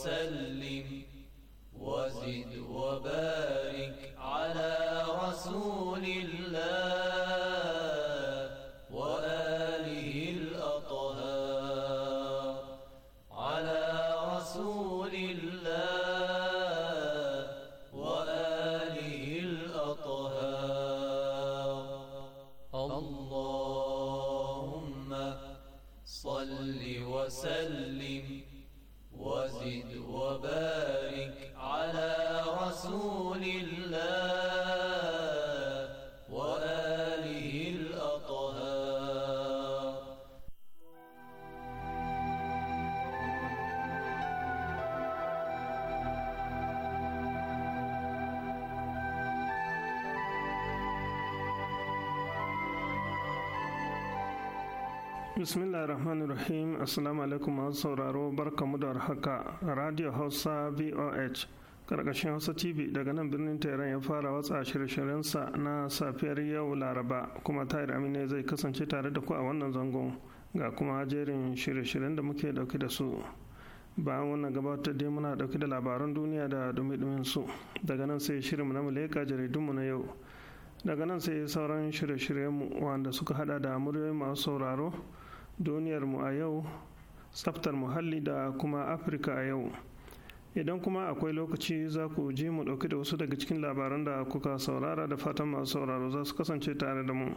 وسلم bismillah rahmanir rahim assalamu alaikum masu sauraro barkamu da haka radio hausa voh karkashin hausa tv daga nan birnin tehran ya fara watsa shirye-shiryensa na safiyar yau laraba kuma tahir amina zai kasance tare da ku a wannan zangon ga kuma jerin shirye-shiryen da muke dauke da su bayan wannan gabatar da muna dauke da labaran duniya da dumi su daga nan sai mu na muleka jaridunmu na yau daga nan sai sauran shirye shiryen mu wanda suka hada da muryoyin masu sauraro duniyarmu a yau tsaftar muhalli da kuma afirka a yau idan kuma akwai lokaci za ku ji mu ɗauki da wasu daga cikin labaran da kuka saurara da fatan masu sauraro za su kasance tare da mu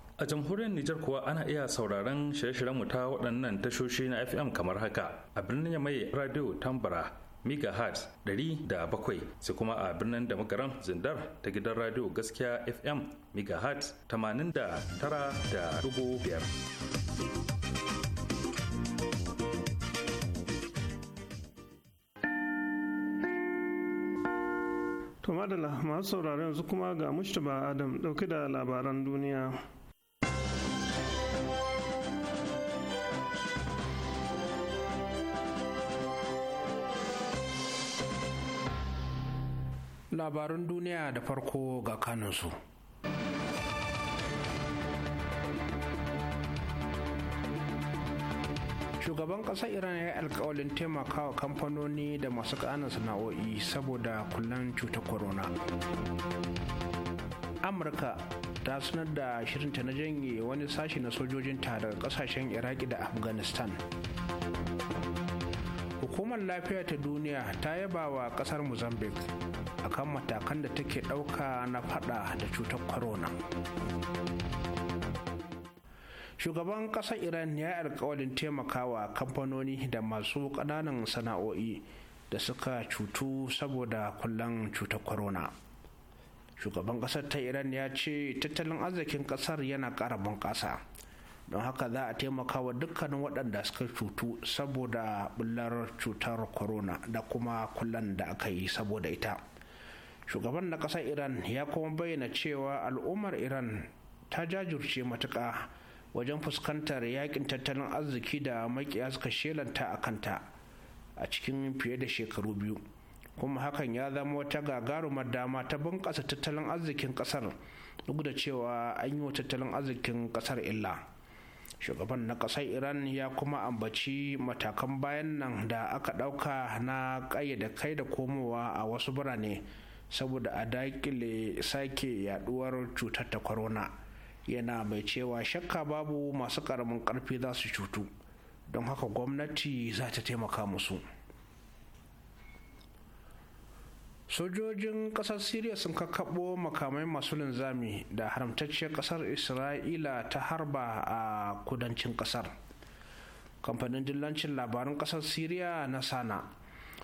A jamhuriyar Nijar kuwa ana iya sauraron shirye-shiryen mu ta waɗannan tashoshi na FM kamar haka a birnin mai radio Tambara megahertz 107 sai kuma a birnin da magaran zindar ta gidan radio gaskiya FM megahertz 89.5. To madalla masu sauraro yanzu kuma ga Mustapha Adam dauke da labaran duniya. labarun duniya da farko ga su shugaban ƙasar iran ya yi alkawalin taimakawa kamfanoni da masu ƙananan sana'o'i saboda kullum cutar corona amurka ta sanar da shirinta na janye wani sashi na sojojinta daga ƙasashen iraki da afghanistan hukumar lafiya ta duniya ta yaba wa ƙasar mozambique akan matakan da take ɗauka na fada da cutar corona. shugaban ƙasar iran ya yi alkawarin taimakawa kamfanoni da masu ƙananan sana'o'i da suka cutu saboda kullan cutar corona shugaban ƙasar ta iran ya ce tattalin arzikin ƙasar yana ƙara bunƙasa don haka za a taimakawa dukkanin waɗanda suka cutu saboda bullar cutar corona da kuma kullan da aka yi saboda ita shugaban na kasar iran ya kuma bayyana cewa al'ummar iran ta jajirce matuka wajen fuskantar yakin tattalin arziki da makiya suka shelanta a kanta a cikin fiye da shekaru biyu kuma hakan ya zama wata gagarumar dama ta bunƙasa tattalin arzikin ƙasar duk da cewa an yi wa tattalin arzikin ƙasar illa shugaban na ƙasar iran ya kuma ambaci matakan bayan nan da aka ɗauka na ƙayyade kai da komowa a wasu birane saboda a dakile sake yaduwar cutar ta corona yana mai cewa shakka babu masu karamin karfi za su cutu don haka gwamnati za ta taimaka musu sojojin kasar syria sun kakkaɓo makamai masu linzami da haramtacciyar kasar isra'ila ta harba a kudancin kasar kamfanin dillancin labarin kasar syria na sana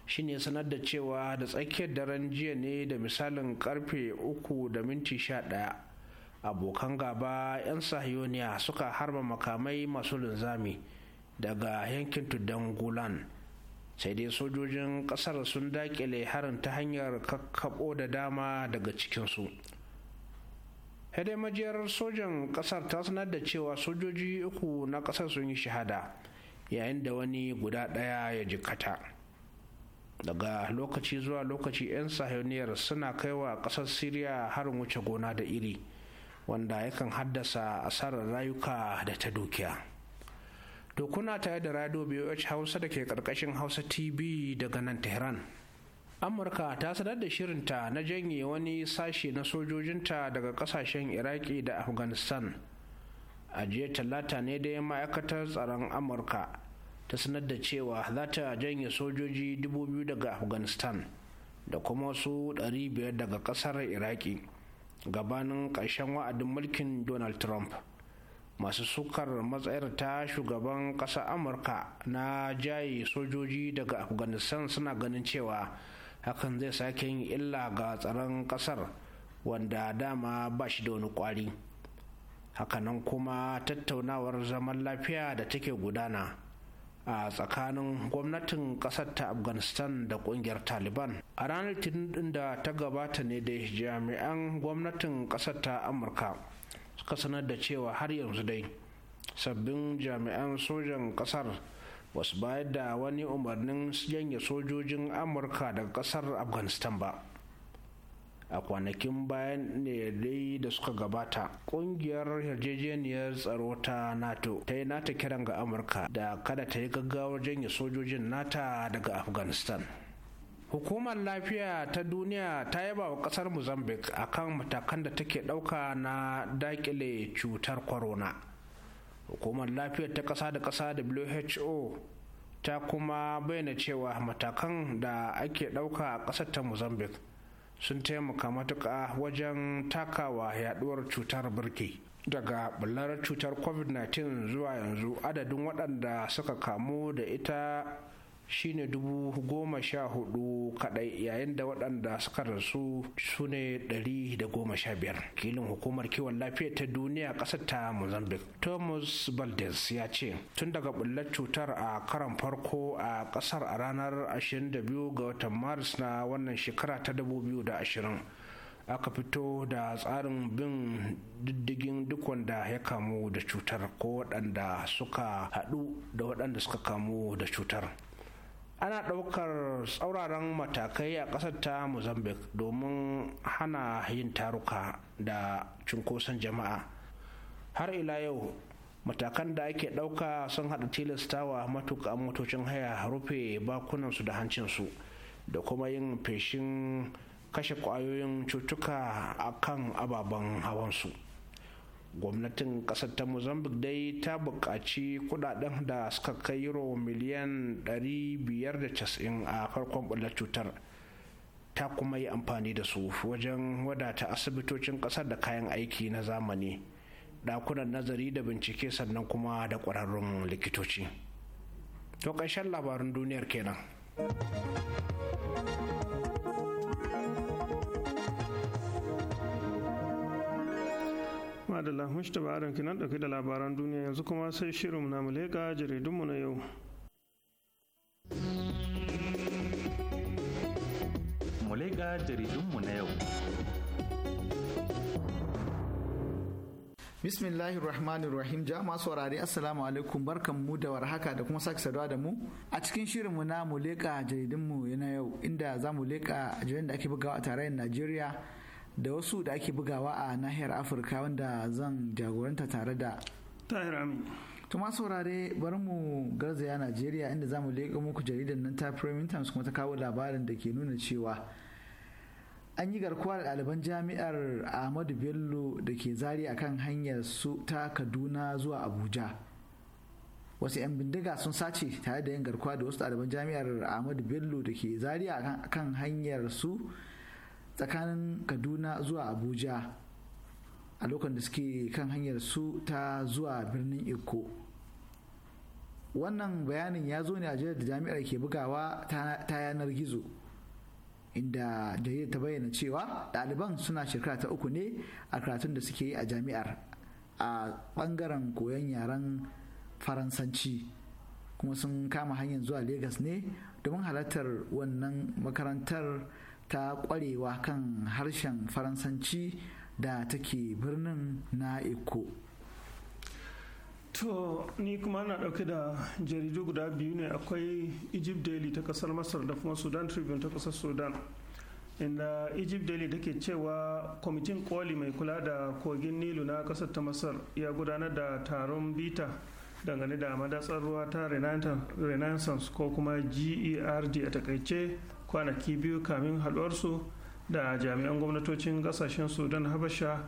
shine sanar da cewa da tsakiyar daren jiya ne da misalin karfe uku da minti sha ɗaya. abokan gaba 'yan sahiyoniya suka harba makamai masu linzami daga yankin tuddan gulan sai dai sojojin ƙasar sun daƙile harin ta hanyar kakkaɓo da dama daga cikinsu dai majiyar sojan ƙasar ta sanar da cewa sojoji uku na ƙasar sun yi shahada yayin da wani guda ɗaya ya jikata daga lokaci zuwa lokaci 'yan sahiyoniyar suna kaiwa ƙasar siriya harin wuce gona da iri wanda yakan haddasa asarar rayuka da ta dukiya to kuna tare da radio boh hausa da ke karkashin hausa tv daga nan tehran amurka ta sanar da shirinta na janye wani sashe na sojojinta daga kasashen iraki da afghanistan a talata ne dai ma'aikatar tsaron amurka ta sanar da cewa za ta janye sojoji 2,000 daga afghanistan da kuma wasu 500 daga kasar iraki gabanin ƙarshen wa'adin mulkin donald trump masu sukar matsayar ta shugaban ƙasar amurka na jaye sojoji daga afghanistan suna ganin cewa hakan zai sake yin illa ga tsaron ƙasar wanda dama ba shi da wani kwari hakanan kuma tattaunawar zaman lafiya da take gudana a tsakanin gwamnatin kasar ta afghanistan da kungiyar taliban a ranar litinin da ta gabata ne da jami'an gwamnatin kasar ta amurka suka sanar da cewa har yanzu dai sabbin jami'an sojan kasar basu bayar da wani umarnin janye sojojin amurka daga kasar afghanistan ba a kwanakin bayan ne dai da suka gabata kungiyar yarjejeniyar tsaro ta nato ta yi nata kiran ga amurka da kada ta yi gaggawar janye sojojin nata daga afghanistan hukumar lafiya ta duniya ta yaba wa kasar a kan matakan da take dauka na dakile cutar corona hukumar Lafiya ta kasa da kasa who ta kuma bayyana cewa matakan da ake dauka a kasar ta mozambique sun taimaka matuƙa wajen takawa yaduwar cutar birki daga bular cutar covid-19 zuwa yanzu adadin waɗanda suka kamu da ita shine dubu goma sha hudu kadai yayin da waɗanda suka rasu su ne ɗari da goma sha biyar kilin hukumar kiwon lafiya ta duniya ƙasar ta mozambique thomas baldes ya ce tun daga bullar cutar a karan farko a ƙasar a ranar 22 ga watan maris na wannan shekara ta da ashirin aka fito da tsarin bin diddigin duk wanda ya kamu da cutar ko waɗanda suka haɗu da waɗanda suka kamu da cutar ana ɗaukar tsauraran matakai a ƙasar ta mozambique domin hana yin taruka da cunkoson jama'a har ila yau matakan da ake ɗauka sun haɗa tilastawa matuƙa motocin haya rufe bakunansu da hancinsu da kuma yin feshin kashe ƙwayoyin cutuka a kan ababen hawansu. gwamnatin kasar ta mozambique dai ta buƙaci kudaden da suka kai euro miliyan 590 a farkon ɓullar cutar ta kuma yi amfani da su wajen wadata asibitocin kasar da kayan aiki na zamani ɗakunan nazari da bincike sannan kuma da ƙwararrun likitoci to ƙarshen labarin duniyar kenan madalla mushta ba aron kinan dauke da labaran duniya yanzu kuma sai shirin na muleka jaridunmu na yau muleka jaridunmu na yau bismillahir rahmanir rahim masu saurari assalamu alaikum barkan mu da warhaka da kuma sake saduwa da mu a cikin shirinmu na mu leƙa jaridunmu na yau inda za mu leƙa jaridun da ake bugawa a tarayyar najeriya da wasu da ake bugawa a nahiyar afirka wanda zan jagoranta tare da tahir amin tuma saurare bari mu garzaya najeriya inda zamu leƙa muku jaridar nan ta premium times kuma ta kawo labarin da ke nuna cewa an yi garkuwa da ɗaliban jami'ar ahmadu bello da ke zari akan hanyar su ta kaduna zuwa abuja wasu 'yan bindiga sun sace tare da yin garkuwa da wasu ɗaliban jami'ar ahmadu bello da ke zaria kan hanyar su tsakanin kaduna zuwa abuja a lokacin da suke kan hanyar su ta zuwa birnin eko wannan bayanin ya zo ne a jaridar da jami'ar ke bugawa ta yanar gizo inda jaridar ta bayyana cewa ɗaliban suna shekara ta uku ne a karatun da suke yi a jami'ar a ɓangaren koyon yaren faransanci kuma sun kama hanyar zuwa Legas ne domin halartar wannan makarantar ta kwarewa kan harshen faransanci da take birnin na eko to ni kuma na dauke da jaridu guda biyu ne akwai egypt daily ta kasar masar da kuma sudan tribune ta kasar sudan inda egypt daily take cewa kwamitin koli mai kula da kogin nilu na kasar ta masar ya gudanar da taron bita dangane da madatsar ruwa ta renaissance ko kuma gerd a takaice kwanaki biyu kamin haɗuwarsu da jami'an gwamnatocin ƙasashen sudan habasha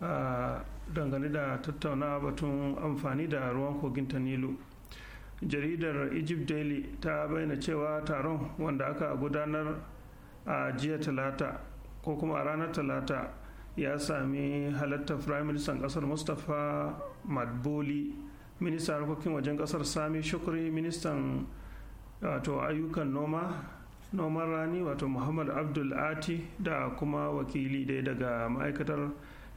a dangane da tattauna batun amfani da ruwan kogin ta nilu jaridar egypt daily ta bayyana cewa taron wanda aka gudanar a jiya talata ko kuma a ranar talata ya sami halatta prime minister kasar mustapha madboli ministan harkokin wajen kasar sami shukri ministan wato ayyukan noma noman rani wato muhammad abdul ati da kuma wakili dai daga ma'aikatar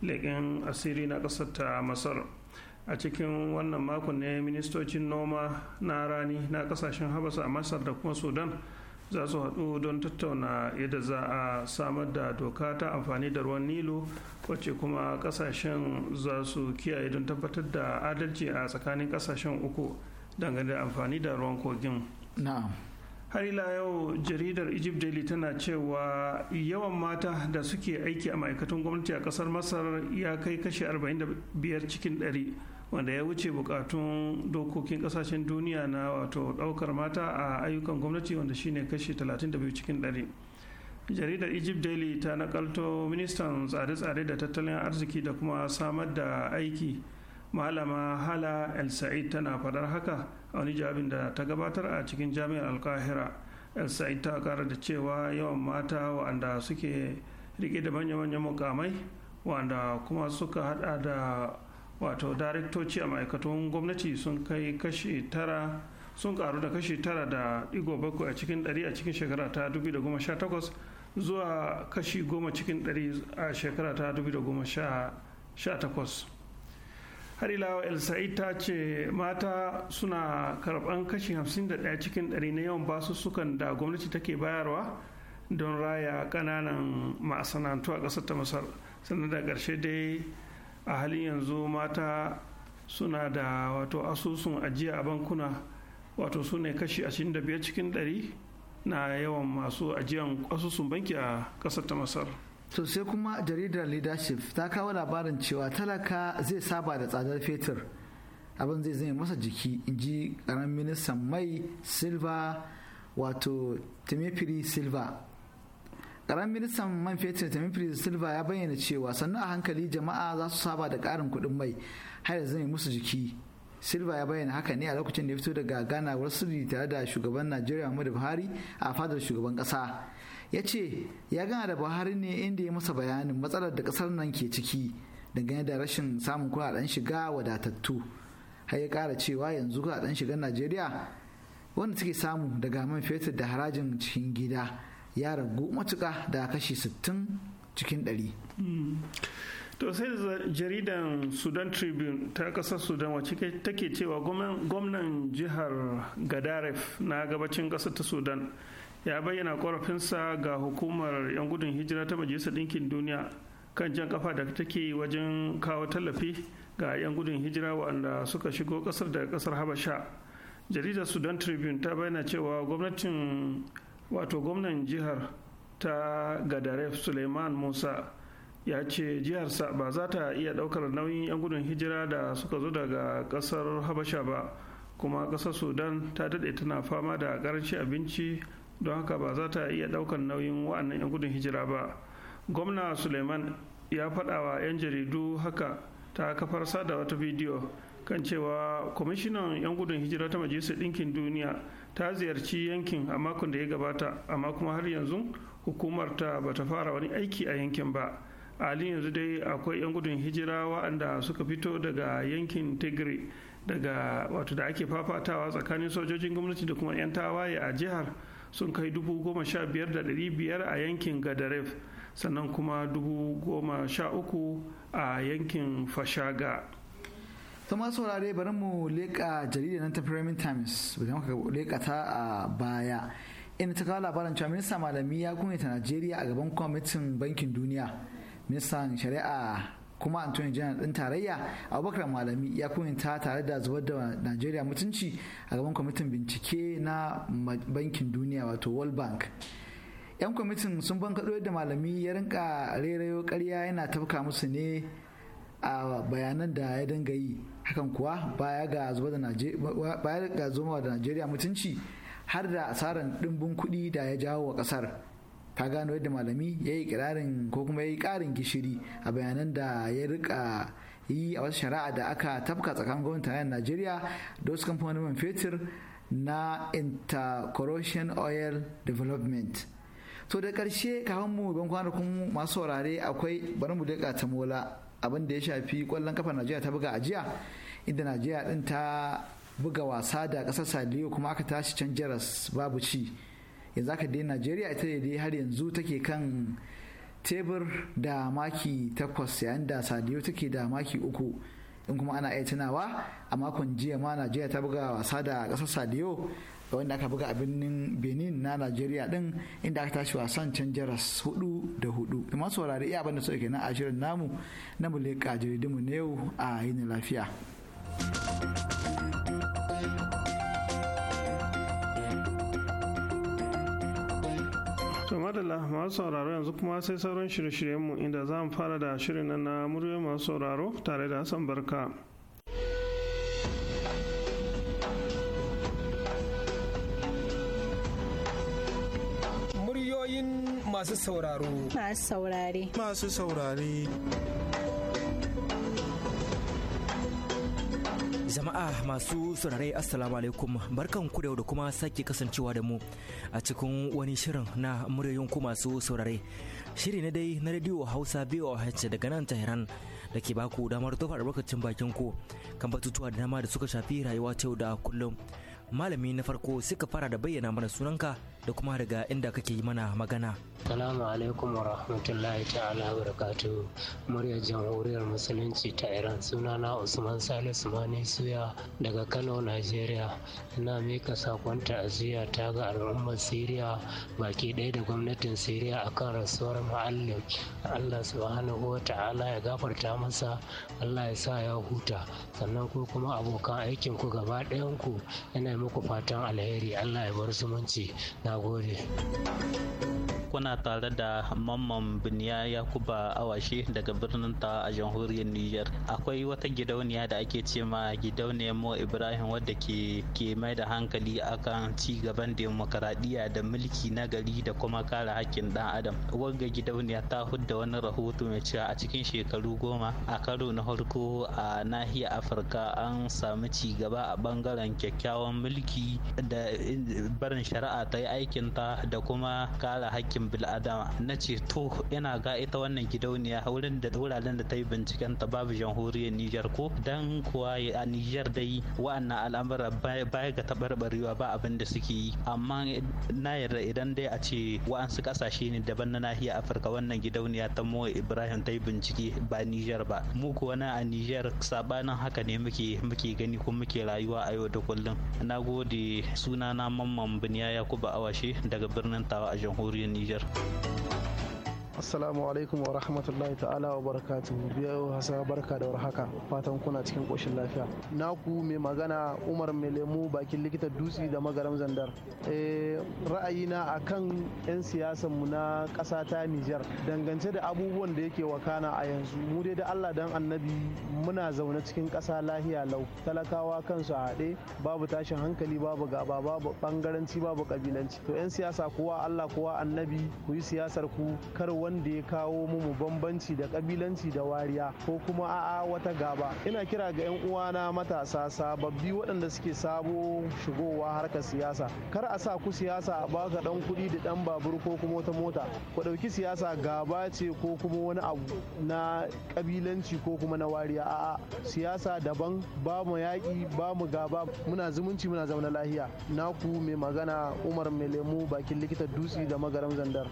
leƙen asiri na ƙasar ta masar a cikin wannan makon ne ministocin noma na rani na ƙasashen habasa a masar da kuma sudan za su haɗu don tattauna yadda za a samar da doka ta amfani da ruwan nilo wacce kuma ƙasashen za su kiyaye don tabbatar da adalci a tsakanin ƙasashen uku dangane da amfani da ruwan kogin na'am har ila yau jaridar egypt daily tana cewa yawan mata da suke aiki a ma'aikatan gwamnati a kasar masar ya kai kashi 45 cikin 100 wanda ya wuce bukatun dokokin kasashen duniya na wato daukar mata a ayyukan gwamnati wanda shine kashi 32 cikin 100 jaridar egypt daily ta nakalto ministan tsare-tsare da tattalin arziki da kuma samar da aiki malama hala el sa'id tana faɗar haka a wani jabin da ta gabatar a cikin jami'ar alkahira el sa'id ta kara da cewa yawan mata wa'anda suke rike da manya-manyan mukamai wa'anda kuma suka hada da wato daraktoci a ma'aikatan gwamnati sun kai kashi tara sun karu da kashi tara da digo bakwai a cikin ɗari a cikin shekara ta 2018 zuwa kashi goma cikin ɗari a shekara ta 2018 har ila el sa'id ta ce mata suna karban kashi 51 cikin 100 na yawan basussukan da gwamnati take bayarwa don raya kananan masana'antu a ƙasar ta masar sannan da ƙarshe dai a halin yanzu mata suna da wato asusun ajiya a bankuna wato su ne kashi 25 cikin 100 na yawan masu ajiyan asusun banki a ƙasar ta masar. To sai kuma jaridar leadership ta kawo labarin cewa talaka zai saba da tsadar fetur abin zai zai masa jiki in ji karamin ministan mai silva wato timifiri silva karamin ministan man fetur timifiri silva ya bayyana cewa sannu a hankali jama'a za su saba da karin kuɗin mai har da zai musu jiki silva ya bayyana haka ne a lokacin da ya fito daga ganawar sirri tare da shugaban najeriya muhammadu buhari a fadar shugaban ƙasa ya ce ya gana da buhari ne inda ya masa bayanin matsalar da kasar nan ke ciki dangane da rashin samun kuɗaɗen shiga wadatattu har ya kara cewa yanzu kuɗaɗen shiga najeriya wanda suke samu daga man fetur da harajin cikin gida ya ragu matuka da kashi 60 cikin 100 to sai da jaridan sudan tribune ta kasar sudan wacce take cewa gwamnan jihar gadaref na gabacin kasar ta sudan ya bayyana korafinsa ga hukumar 'yan gudun hijira ta majalisar ɗinkin duniya kan jan kafa da take wajen kawo tallafi ga 'yan gudun hijira waɗanda suka shigo ƙasar da ƙasar habasha jaridar sudan tribune ta bayyana cewa gwamnatin wato gwamnan jihar ta gadaref suleiman musa ya ce jiharsa ba za ta iya ɗaukar nauyin 'yan gudun hijira da suka zo daga ƙasar habasha ba kuma ƙasar sudan ta daɗe tana fama da ƙarancin abinci don haka ba za ta iya ɗaukar nauyin wa'annan 'yan gudun hijira ba gwamna suleiman ya faɗawa 'yan jaridu haka ta kafar sada wata bidiyo kan cewa kwamishinan 'yan gudun hijira ta majalisar ɗinkin duniya ta ziyarci yankin a makon da ya gabata amma kuma har yanzu hukumar ta bata fara wani aiki a yankin ba halin yanzu dai akwai 'yan gudun hijira waanda suka fito daga yankin tigray daga wato da ake fafatawa tsakanin sojojin gwamnati da kuma 'yan tawaye a jihar sun kai dubu goma sha biyar da ɗari biyar a yankin gadaref sannan kuma dubu goma sha uku a yankin fashaga sama saurare bari mu leƙa jaridar nan ta Premier Times da muka leƙa ta a baya ina ta kawo labarin cewa minista malami ya ta Najeriya a gaban kwamitin bankin duniya ministan shari'a kuma antony janar ɗin tarayya abubakar malami ya kuninta tare da zubar da najeriya mutunci a gaban kwamitin bincike na bankin duniya wato world bank 'yan kwamitin sun bankaɗo yadda malami ya rinka rerayo karya yana tafka musu ne a bayanan da ya dinga yi hakan kuwa baya ga zuma da najeriya mutunci har da asarar ɗimbin kuɗi da ya jawo wa ƙasar ta gano yadda malami ya yi kirarin ko kuma ya yi karin gishiri a bayanan da ya rika yi a wasu shari'a da aka tafka tsakanin gwamnatin tarayyar najeriya da wasu kamfanonin man fetur na intercorrosion oil development to da karshe kafin mu ban kwana kuma masu saurare akwai bari mu dika ta mola abin da ya shafi kwallon kafa najeriya ta buga ajiya inda najeriya din ta buga wasa da kasar saliyo kuma aka tashi can jaras babu ci yanzu aka dai najeriya ita da dai har yanzu take kan tebur da maki takwas yayin da sadiyo take da maki uku in kuma ana iya tunawa a makon jiya ma najeriya ta buga wasa da kasar sadiyo ga wanda aka buga a birnin benin na najeriya din inda aka tashi wasan can jaras hudu da hudu amma saurari iya abinda suke na ashirin namu na muleka jaridunmu na yau a yin lafiya. madalla masu sauraro yanzu kuma sai sauran shirye-shiryenmu inda za mu fara da shirin na murya masu sauraro tare da hassan barka muryoyin masu sauraro masu saurare masu saurare Jama'a masu saurare Assalamu alaikum barkan ku da da kuma sake kasancewa da mu a cikin wani shirin na muryoyin ku masu saurare. Shiri na dai na Radio Hausa VOH daga nan Tehran da ke baku damar tofa albarkacin bakin ku kan batutuwa da dama da suka shafi rayuwa ta yau da kullum. Malami na farko suka fara da bayyana mana sunanka da kuma daga inda kake yi mana magana. Salamu alaikum wa rahmatullahi ta'ala wa barakatu muryar jamhuriyar musulunci ta Iran sunana Usman Salisu Mani Suya daga Kano, Najeriya. Ina mika sakon ta'aziyya ta ga al'ummar Siriya baki ɗaya da gwamnatin Siriya a kan rasuwar mu'allim. Allah subhanahu wa ta'ala ya gafarta masa Allah ya sa ya huta sannan ku kuma abokan aikin ku gaba ɗayan ku yana muku fatan alheri Allah ya bar zumunci. Na gode kuna tare da mamman biniya yakuba awashe daga birnin ta a jamhuriyar niger akwai wata gidauniya da ake ce ma gidauniyar mo ibrahim wadda ke ke mai da hankali akan ci gaban demokaradiyya da mulki na gari da kuma kare hakkin dan adam wanga gidauniya ta hudda wani rahoto mai cewa a cikin shekaru goma a karo na farko a nahiyar afirka an samu ci gaba a bangaren kyakkyawan mulki da barin shari'a ta yi aikinta da kuma kare hakkin bil'adama na ce to ina ga ita wannan gidauniya wurin da wuraren da ta yi binciken ta babu jamhuriyar Nijar ko dan kuwa a Nijar dai wa'annan al'amura baya ga taɓarɓarewa ba abin da suke yi amma na yarda idan dai a ce wa'ansu ƙasashe ne daban na nahiyar Afirka wannan gidauniya ta Mo Ibrahim ta yi bincike ba Nijar ba mu kuwa na a Nijar sabanin haka ne muke muke gani ko muke rayuwa a yau da kullum na gode sunana mamman biniya yakubu awa awashe daga birnin tawa a jamhuriyar niger Assalamu alaikum wa rahmatullahi ta'ala wa barakatuhu. biyu hasa barka da warhaka. Fatan kuna cikin koshin lafiya. Naku mai magana Umar mai lemu bakin likita dutse da magaram zandar. E, ra'ayina kan 'yan siyasan mu na ƙasa ta Nijar dangance da abubuwan da yake wakana a yanzu. Mu dai da Allah dan Annabi muna zaune cikin ƙasa lahiya lau. Talakawa kansu a haɗe babu tashin hankali babu gaba babu bangaranci babu ƙabilanci To 'yan siyasa kowa Allah kowa Annabi ku yi siyasar ku kar wanda ya kawo mu bambanci da kabilanci da wariya ko kuma a'a wata gaba ina kira ga 'yan uwana matasa sababbi waɗanda suke sabo shigowa harkar siyasa kar a sa ku siyasa a baka dan kuɗi da dan babur ko kuma wata mota ku ɗauki siyasa gaba ce ko kuma wani abu na kabilanci ko kuma na wariya a'a siyasa daban ba mu yaƙi ba mu gaba muna zumunci muna zaune lahiya naku mai magana umar mai lemu bakin likita dutse da magaram zandar.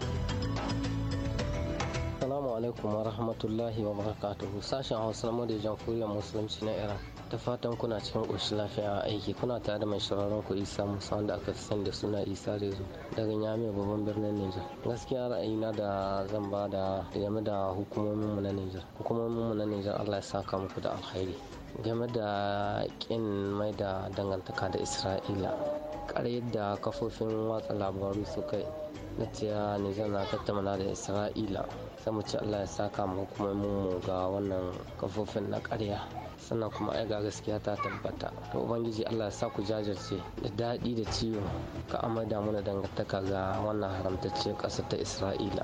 alaikum wa rahmatullahi wa barakatuhu sashen hausa na da jamhuriyar musulunci na iran ta fatan kuna cikin ƙoshin lafiya a aiki kuna tare da mai shirarren ku isa musa wanda aka fi sani da suna isa rezo daga nyame babban birnin niger gaskiya ra'ayina da zan ba da game da hukumomin mu na niger mu na niger allah ya saka muku da alkhairi game da kin mai da dangantaka da isra'ila kar da kafofin watsa labaru suka kai na cewa niger na tattauna da isra'ila sai mu ci allah ya saka mu kuma mu ga wannan kafofin na karya sannan kuma ai ga gaskiya ta tabbata to ubangiji allah ya sa ku jajirce da daɗi da ciwo ka amada mana dangantaka ga wannan haramtacce ƙasa ta isra'ila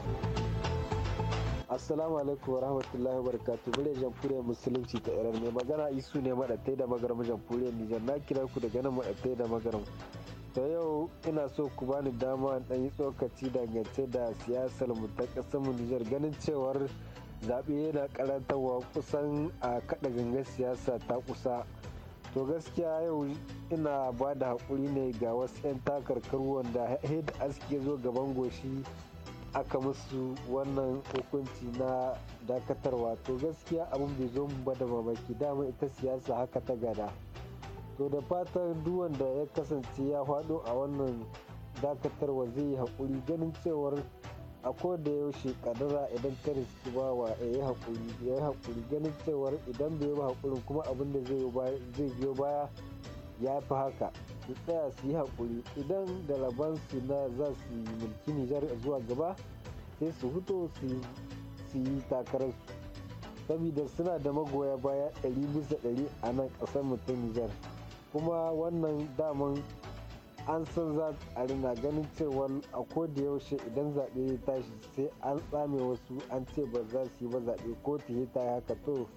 Assalamu alaikum wa rahmatullahi wa barakatuh. Mure jamhuriyar musulunci ta Iran mai magana isu ne madatai da magaram jamhuriyar Nijar na kira ku daga nan madatai da magaram. ta yau ina so ku bani dama dan yi tsokaci dangance da siyasar mu ta ƙasar mu Nijar ganin cewar zaɓe yana karantarwa kusan a kaɗa gangar siyasa ta kusa to gaskiya yau ina ba da haƙuri ne ga wasu 'yan takarkar wanda da aske zo gaban goshi aka musu wannan hukunci na dakatarwa to gaskiya abin bai zo mu ba da mamaki dama ita siyasa haka ta gada to da fatan duwanda ya kasance ya faɗo a wannan dakatarwa zai yi haƙuri ganin cewar a da yaushe kadara idan karis ba wa ya haƙuri ya yi haƙuri ganin cewar idan bai ba haƙurin kuma abin da zai biyo baya ya fi haka su tsaya su yi haƙuri idan da su na za su yi mulki nijar zuwa gaba sai su huto su yi takararsu saboda suna da magoya baya ɗari bisa ɗari a nan ƙasar mutum nijar kuma wannan daman an san za a rina ganin cewa a da yaushe idan zaɓe ya tashi sai an tsame wasu an ce ba za su yi ba zaɓe ko ta yi ta haka to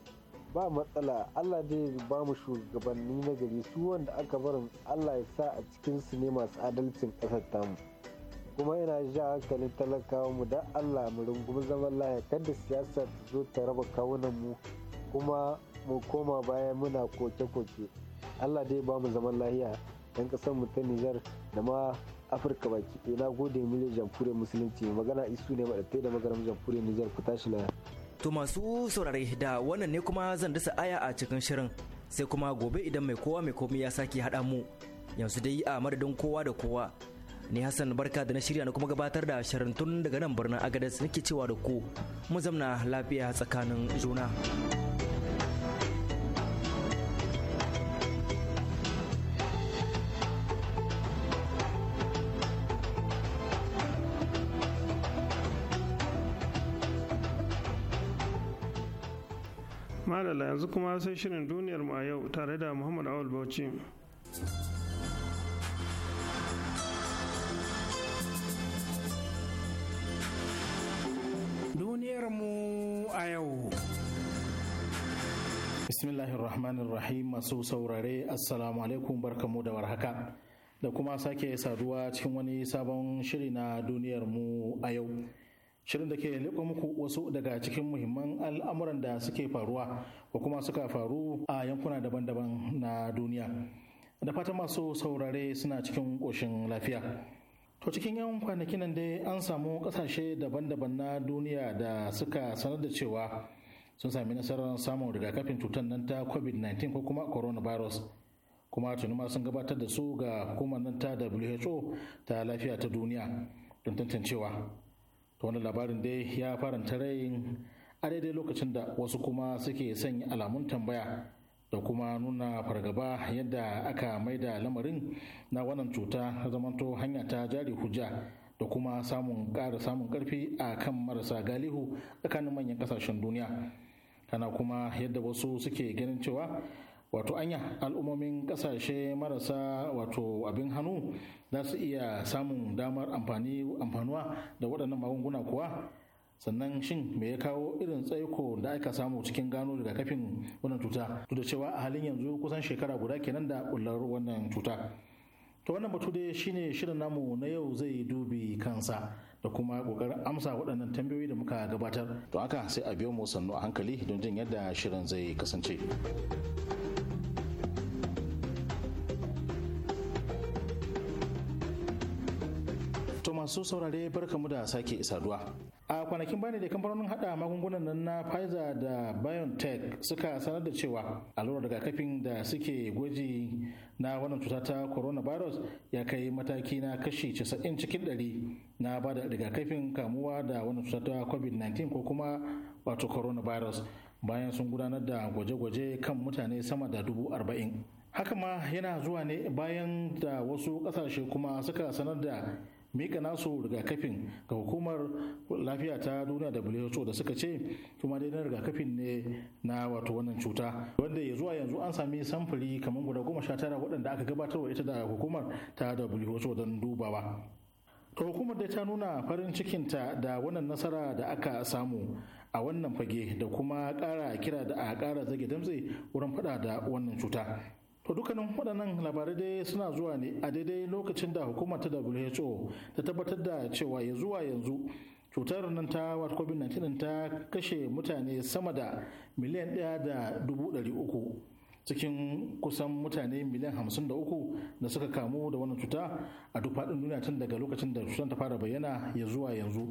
ba matsala allah dai ba mu shugabanni na gari su wanda aka barin allah ya sa a cikin su ne masu adalcin ƙasar tamu kuma yana ja hankalin talakawa mu da allah mu rungumi zaman laya kada siyasa ta zo ta raba kawunan mu kuma mu koma baya muna koke-koke allah dai ba mu zaman lahiya yan kasar mu ta nijar da ma afirka baki ɗaya na gode miliyan jamhuriyar musulunci magana isu ne ma da magaram jamhuriyar nijar ku tashi laya. to masu saurare da wannan ne kuma zan dasa aya a cikin shirin sai kuma gobe idan mai kowa mai komai ya sake haɗa mu yanzu dai a madadin kowa da kowa ni hassan barka da na shirya na kuma gabatar da shirin tun daga nan birnin agadas nake cewa da ku mu zamna lafiya tsakanin juna. Allah yanzu kuma sai shirin duniyar mu a yau tare da muhammad awal bauchi duniyar mu a yau rahmanir rahim, masu saurare assalamu alaikum barkamu da warhaka da kuma sake saduwa cikin wani sabon shiri na duniyar mu a yau shirin da ke leƙo muku wasu daga cikin muhimman al'amuran da suke faruwa ko kuma suka faru a yankuna daban-daban na duniya da fatan masu saurare suna cikin ƙoshin lafiya to cikin yan kwanakin nan dai an samu ƙasashe daban-daban na duniya da suka sanar da cewa sun sami nasarar samun rigakafin cutar nan ta covid-19 ko kuma coronavirus kuma tuni ma sun gabatar da su ga hukumar nan ta who ta lafiya ta duniya don tantancewa ta wani labarin dai ya faranta rayin a daidai lokacin da wasu kuma suke sanya alamun tambaya da kuma nuna fargaba yadda aka maida lamarin na wannan cuta na zamanto hanya ta jari hujja da kuma samun ƙara samun ƙarfi a kan marasa galihu tsakanin manyan ƙasashen duniya kana kuma yadda wasu suke ganin cewa wato anya al'ummomin kasashe marasa wato abin hannu za su iya samun damar amfani amfanuwa da waɗannan magunguna kuwa sannan shin me ya kawo irin tsaiko da aka samu cikin gano rigakafin wannan cuta duk da cewa a halin yanzu kusan shekara guda kenan da bullar wannan cuta to wannan batu dai shine shirin namu na yau zai dubi kansa da kuma kokarin amsa waɗannan tambayoyi da muka gabatar to haka sai a biyo mu sannu a hankali don jin yadda shirin zai kasance masu saurare barkamu da sake saduwa. A kwanakin bani da kamfanonin hada magungunan nan na Pfizer da BioNTech suka sanar da cewa allurar rigakafin da suke gwaji na wannan cuta ta coronavirus ya kai mataki na kashi 90 cikin 100 na bada rigakafin kamuwa da wannan cuta ta COVID-19 ko kuma wato coronavirus bayan sun gudanar da gwaje-gwaje kan mutane sama da dubu arba'in. Haka ma yana zuwa ne bayan da wasu kasashe kuma suka sanar da mika nasu rigakafin ga hukumar lafiya ta duniya da WHO da suka ce kuma dai na rigakafin ne na wato wannan cuta wanda ya zuwa yanzu an sami samfuri kamar guda goma sha tara waɗanda aka gabatarwa ita da hukumar ta da WHO don dubawa. ta hukumar da ta nuna farin cikinta da wannan nasara da aka samu a wannan fage da kuma kara kira da a kara zage damtse wurin faɗa da wannan cuta. To dukkanin waɗannan labarai dai suna zuwa ne a daidai lokacin da hukumar ta WHO ta tabbatar da cewa ya zuwa yanzu cutar nan ta COVID-19 ta kashe mutane sama da miliyan ɗaya da dubu ɗari uku cikin kusan mutane miliyan hamsin da uku da suka kamu da wannan cuta a duk faɗin duniya tun daga lokacin da cutar ta fara bayyana ya zuwa yanzu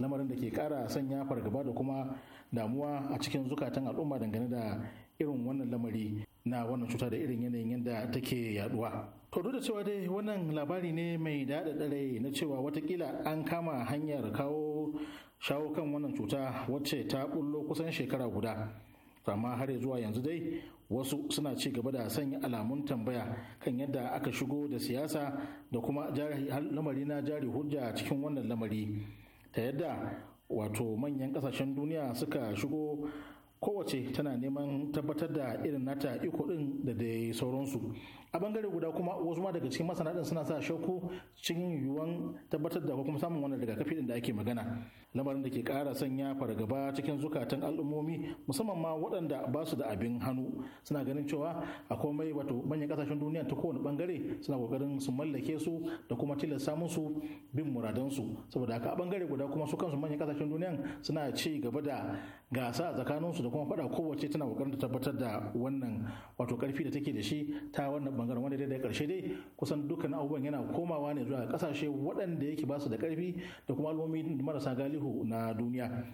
lamarin da ke kara sanya fargaba da kuma damuwa a cikin zukatan al'umma dangane da irin wannan lamari na wannan cuta da irin yanayin yadda take yaduwa to duk da cewa dai wannan labari ne mai daɗaɗa rai na cewa watakila an kama hanyar kawo shawo kan wannan cuta wacce ta bullo kusan shekara guda amma har zuwa yanzu dai wasu suna ci gaba da sanya alamun tambaya kan yadda aka shigo da siyasa da kuma lamari na jari hujja cikin wannan lamari ta yadda wato manyan ƙasashen duniya suka shigo kowace tana neman tabbatar da irin nata iko din da dai sauransu a bangare guda kuma wasu ma daga cikin masana din suna sa shakku cikin yiwuwan tabbatar da kuma samun wannan rigakafi din da ake magana lamarin da ke kara sanya fargaba cikin zukatan al'ummomi musamman ma waɗanda ba su da abin hannu suna ganin cewa a komai wato manyan ƙasashen duniya ta kowane ɓangare suna ƙoƙarin su mallake su da kuma tilasta musu bin muradansu saboda haka a ɓangare guda kuma su kansu manyan ƙasashen duniya suna ci gaba da gasa tsakaninsu da kuma faɗa kowace tana ƙoƙarin ta tabbatar da wannan wato ƙarfi da take da shi ta wannan ɓangaren wanda dai da ƙarshe dai kusan dukkan abubuwan yana komawa ne zuwa ƙasashe waɗanda yake ba su da ƙarfi da kuma al'ummomi marasa galihu gairu na duniya.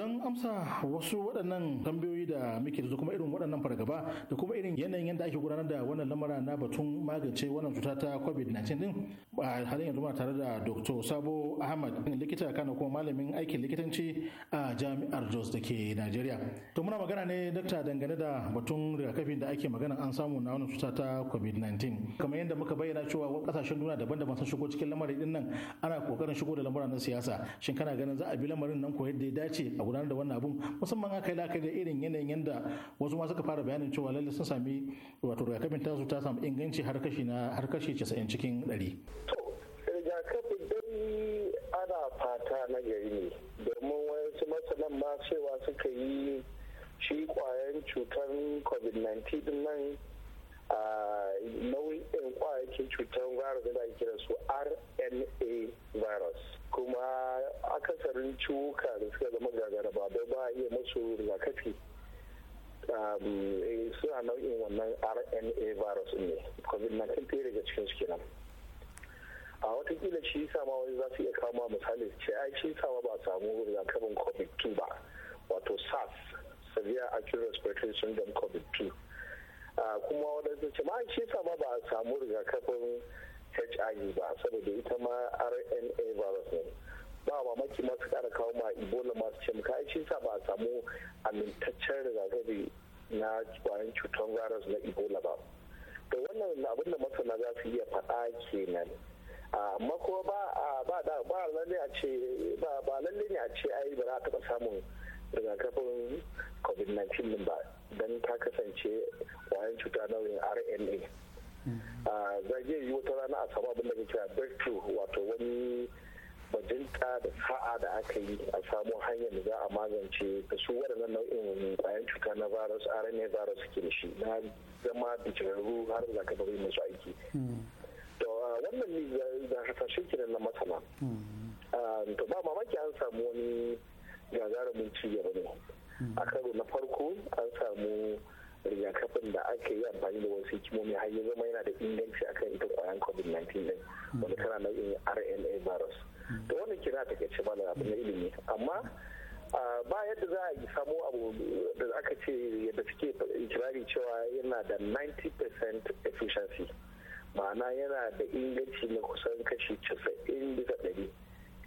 don amsa wasu waɗannan tambayoyi da muke da kuma irin waɗannan fargaba da kuma irin yanayin yadda ake gudanar da wannan lamara na batun magance wannan cuta ta covid-19 din a halin yanzu muna tare da dr sabo ahmad likita kana kuma malamin aikin likitanci a jami'ar jos da ke nigeria. to muna magana ne dakta dangane da batun rigakafin da ake magana an samu na wannan cuta ta covid-19 kamar yadda muka bayyana cewa kasashen duniya daban-daban sun shigo cikin lamarin din nan ana kokarin shigo da lamura na siyasa shin kana ganin za a bi lamarin nan ko yadda ya dace a gudanar da wannan abun musamman aka yi la'akari da irin yanayin yadda wasu ma suka fara bayanin cewa lalle sun sami wato rigakafin tasu ta samu inganci har kashi na har kashi 90 cikin 100 rigakafin dai ana fata na gari ne domin wasu masanan ma cewa suka yi shi kwayan cutar covid-19 din nan a nau'in kwayakin cutar virus da ake kira su rna virus kuma akasarin ciwuka da suka zama gagara ba ba iya musu rigakafi um, eh, suna nau'in wannan rna virus ne covid-19 yi daga cikin suke nan a watakila shi ma wani za su iya kama misali ce ai shi sama ba samu rigakafin covid-2 ba wato sars severe acute respiratory syndrome covid-2 uh, kuma wadanda ce ma shi sama ba samu rigakafin hiv ba saboda ita ma rna virus ne ba mamaki masu kara kawo ma ebola masu ce muka shi sa ba a samu amintaccen rigakafi na kwayan cutar virus na ebola ba to wannan abin da masana za su iya faɗa kenan amma kuma ba ba da ba lalle a ce ba ba lalle ne a ce ai ba za a taɓa samun rigakafin covid-19 din ba dan ta kasance kwayan cuta nauyin rna a zage yi wata rana a samu abin da ke kira birtu wato wani bajinta da sa'a da aka yi a samu hanyar da za a magance da su waɗannan nau'in bayan cuta na virus rna virus suke da shi na zama da bijirarru har da ka bari masu aiki to wannan ne da hasashen kiran na masana to ba mamaki an samu wani gagarumin ci gaba ne a karo na farko an samu rigakafin da aka yi amfani da wasu hikimomi har ya zama yana da inganci akan ita kwayan covid-19 din wanda tana nau'in rna virus To wannan kira ta kace da abu na ilimi amma ba yadda za a yi samo abu da aka ce yadda suke ikirari cewa yana da 90% efficiency ma'ana yana da inganci na kusan kashi 90 bisa 100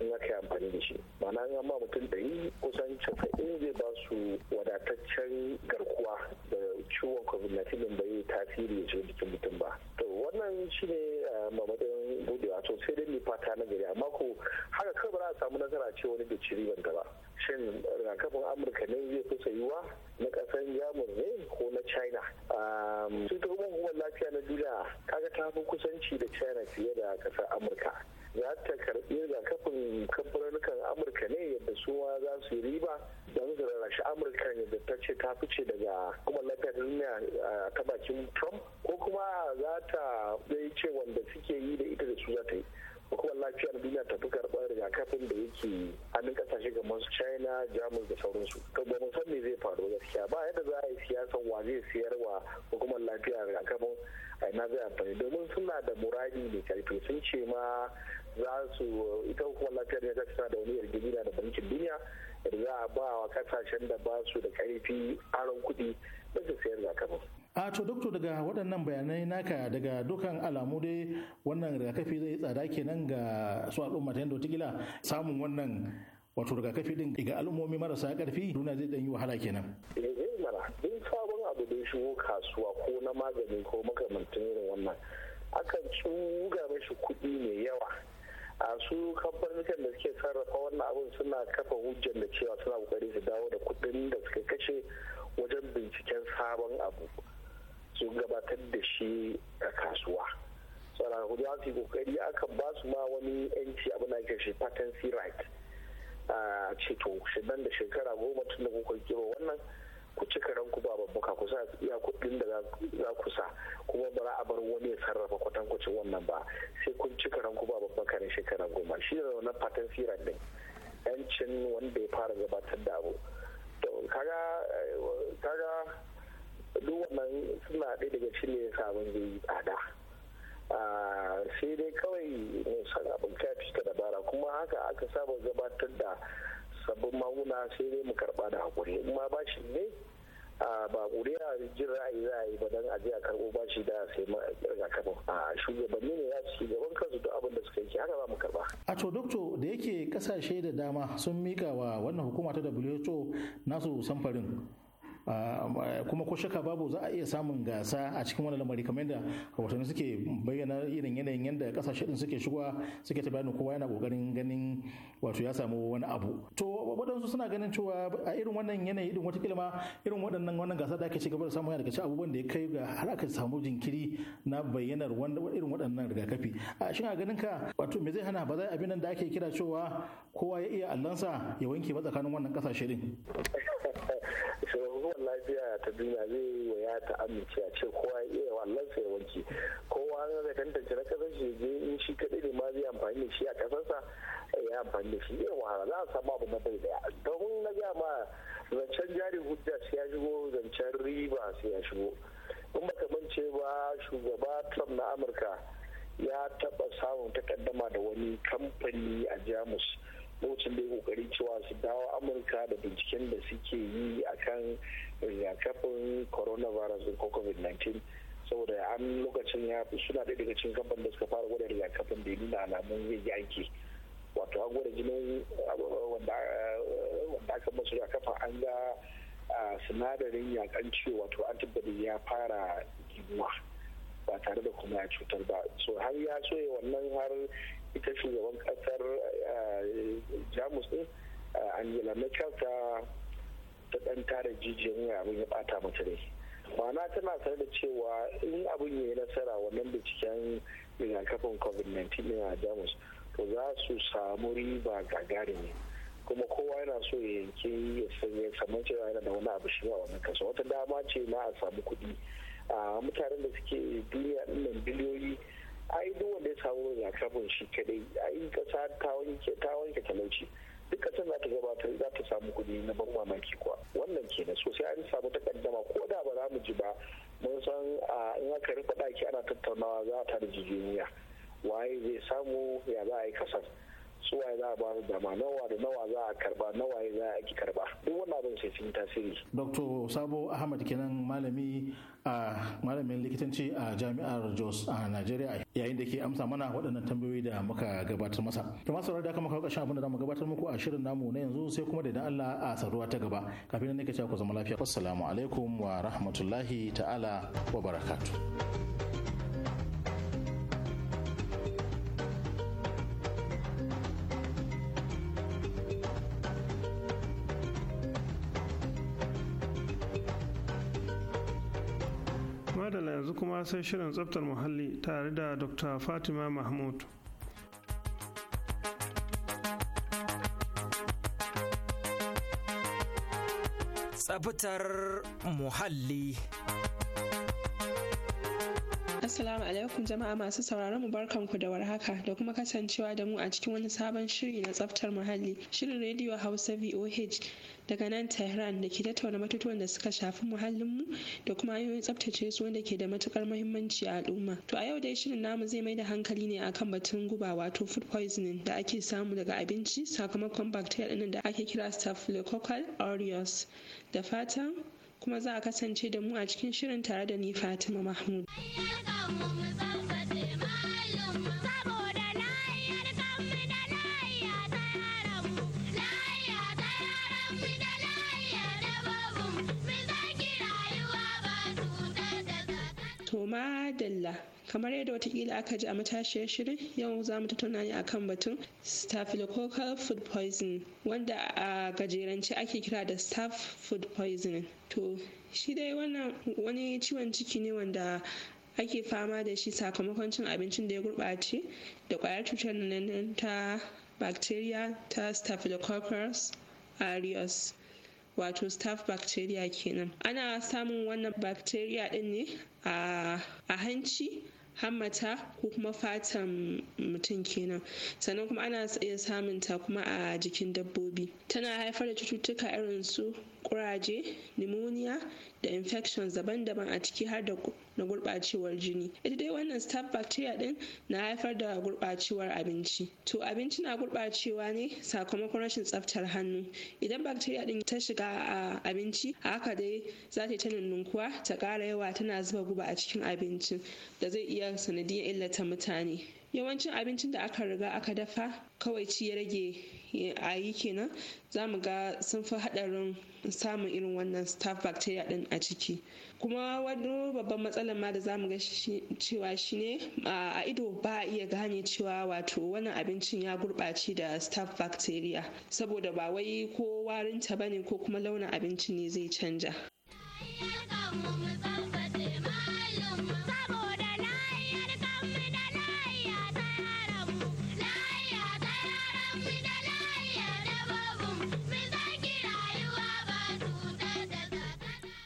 in aka yi amfani da shi ma'ana an yamma mutum ɗari kusan casa'in zai ba su wadataccen garkuwa da ciwon covid-19 din yi tasiri ya shiga jikin mutum ba to wannan shi ne eh, mamadin budewa to sai dai fata na gari amma ko haka kawai ba za a samu nasara ce wani da ciri ban gaba shin rigakafin amurka ne zai fi sayuwa na kasar jamus ne ko na china ehm, sun ta hukumar lafiya na duniya kaga ta fi kusanci da china fiye da ƙasar amurka za ta karɓi rigakafin kamfanonukan amurka ne yadda suwa za su yi riba don su rarrashi amurka yadda ta ce ta fice daga kuma lafiyar duniya ta bakin trump ko kuma za ta zai ce wanda suke yi da ita da su za ta yi hukumar lafiyar duniya tafi fi karɓar rigakafin da yake hannun kasashe kamar su china jamus da sauransu ka ba mu san me zai faru gaskiya ba yadda za a yi siyasa wa zai siyar wa hukumar lafiya kafin a ina zai amfani domin suna da muradi mai karfi sun ce ma za su ita hukumar lafiyar ya kasa da wani na da bankin duniya da za a ba wa kasashen da ba su da karfi aron kuɗi da su sayar rigakafin. a to doktor daga waɗannan bayanai naka daga dukan alamu dai wannan rigakafi zai tsada kenan ga su al'umma ta yadda wata samun wannan wato rigakafi din ga al'ummomi marasa karfi duna zai ɗan yi wahala kenan. Eh, eh, mana duk sabon abu da shigo kasuwa ko na magani ko makamantan irin wannan akan tsuga mashi kuɗi mai yawa a su kamfanin da suke sarrafa wannan abin suna kafa hujjar da cewa suna kokari su dawo da kudin da suka kashe wajen binciken sabon abu su gabatar da shi a kasuwa tsara ku su kokari akan ba su ma wani yanci abu na kashe patency right a ce to da shekara goma tun da kuka kiro wannan ku cika ranku ba babu ku sa iya kuɗin da za ku sa kuma ba za a bar wani ya sarrafa kwatankwacin wannan ba sai kun cika ranku ba babu ne shekara goma shi da wannan fatan siran ne yancin wanda ya fara gabatar da abu kaga kaga duk wannan suna ɗaya daga cikin ne sabon zai yi tsada ah, sai dai kawai san abin kafi ta dabara kuma haka aka saba gabatar da sabbin maguna sai dai mu karba da hakuri in ma bashi ne a ba ƙuri'a jin ra'ayi za a yi ba dan a a karɓo bashi da sai ma rigakafin a shugabanni ne ya ci gaban kansu duk abin da suka yi haka za mu karba. a to doctor da yake kasashe da dama sun mika wa wannan hukuma ta who nasu samfarin Ah, kuma ko shaka babu za a iya samun gasa a cikin wani lamari kamar yadda rahotanni suke bayyana irin yanayin yadda kasashe din suke shigowa suke ta bayanin kowa yana kokarin ganin wato ya samu wani abu to waɗansu suna ganin cewa a irin wannan yanayi din wata ma irin waɗannan wannan gasa da ake ci gaba da samu daga cikin abubuwan da ya kai ga har aka samu jinkiri na bayyanar irin waɗannan rigakafi a ah, shin a ganin ka wato me zai hana ba za abin nan da ake kira cewa kowa ya iya allansa ya wanke ba tsakanin wannan kasashe din lafiya ta duniya zai yi wa ya ta amince a ce kowa ya iya wannan sai wanke kowa an ga tantance na kasar shi je in shi kadai ne ma zai amfani da shi a kasarsa ya amfani da shi yawa wahala za a samu abu na bai daya domin na ga ma zancen jari hujja sai ya shigo zancen riba sai ya shigo in baka mance ba shugaba trump na amurka ya taba samun takaddama da wani kamfani a jamus lokacin da ya kokari cewa su dawo amurka da binciken da suke yi akan rigakafin eh, coronavirus virus ko covid-19 saboda an lokacin ya suna ɗaya daga cikin kamfan da suka fara gwada rigakafin da ya nuna alamun zai yi aiki wato an gwada jinin eh, eh, wanda aka masu rigakafin an ga sinadarin yakan ciwo wato antibody ya fara gimuwa ba tare da kuma ya cutar ba so har ya soya wannan har ita shugaban kasar jamus din angela merkel ta ta dan tara jijiyar wuya abin ya bata mata rai ma'ana tana sanar da cewa in abin ya yi nasara wannan binciken rigakafin covid-19 ne a jamus to za su samu riba ne kuma kowa yana so ya yanke ya sanya samun cewa yana da wani abu shi a wannan kasa wata dama ce na a samu kuɗi a mutanen da suke duniya ɗinnan biliyoyi ai duk wanda ya samu rigakafin shi kadai ai kasa ta wanke talauci duk kasar za ta gabatar za ta samu kuɗi na ban mamaki kuwa wannan ke ne sosai an samu takaddama ko da ba za mu ji ba mun san in aka rufe ɗaki ana tattaunawa za ta da jijiniya waye zai samu ya za a yi kasar su waye za a ba su dama nawa da nawa za a karba nawa ya za a ki karba duk wannan abin sai sun tasiri. Dr. Sabo Ahmad kenan malami a malamin likitanci a jami'ar Jos a nigeria yayin da ke amsa mana waɗannan tambayoyi da muka gabatar masa. To masu da aka maka ƙarshen abin da mu gabatar muku a shirin namu na yanzu sai kuma da idan Allah a saduwa ta gaba kafin nan ka cewa ku zama lafiya. Assalamu alaikum wa rahmatullahi ta'ala wa barakatu. kuma sai shirin tsaftar muhalli tare da dr fatima mahmud tsaftar muhalli Assalamu alaikum jama'a masu sauraron mu barkanku da warhaka da kuma kasancewa da mu a cikin wani sabon shiri na tsaftar muhalli. Shirin rediyo Hausa VOH daga nan tehran da ke tattauna matutuwan da suka shafi muhallinmu da kuma hanyoyin tsaftace su wanda ke da matukar muhimmanci a al'umma to a yau dai shirin namu zai mai da hankali ne akan batun guba wato food poisoning da ake samu daga abinci sakamakon bacteria ɗin da ake kira staphylococcal aureus da fatan kuma za a kasance da mu a cikin shirin tare da ni fatima mahmud madalla kamar yadda watakila aka ji a matashiyar shirin yau za mu tattauna ne akan batun staphylococcal food poisoning wanda a gajerance ake kira da staph food poisoning to shi dai wannan wani ciwon ciki ne wanda ake fama da shi sakamakon cin abincin da ya gurɓace da ƙwayar cutar nan ta bacteria ta staphylococcus aureus wato staph bacteria kenan ana samun wannan bacteria din ne a hanci hammata ko kuma fatan mutum kenan sannan kuma ana iya samunta kuma a jikin dabbobi tana haifar da cututtuka irin su Ƙuraje, pneumonia da infections daban-daban a ciki har da na gurɓacewar jini ita dai wannan staph bacteria din na haifar da gurɓacewar abinci to abinci na gurɓacewa ne sakamakon rashin tsaftar hannu idan bacteria din ta shiga a abinci haka dai za ta yi ta nunnunkuwa ta ƙara yawa tana zuba guba a cikin abincin da zai iya sanadiyar illata mutane yawancin abincin da aka riga aka dafa kawai ci ya rage a yi kenan za mu ga sun fi haɗarin samun irin wannan staph bacteria ɗin a ciki kuma wani babban matsalar ma da za mu ga cewa shi ne, a ido ba a iya gane cewa wato wannan abincin ya gurɓaci da staph bacteria saboda ba wai ko warinta ba ne ko kuma launin abincin ne zai canja.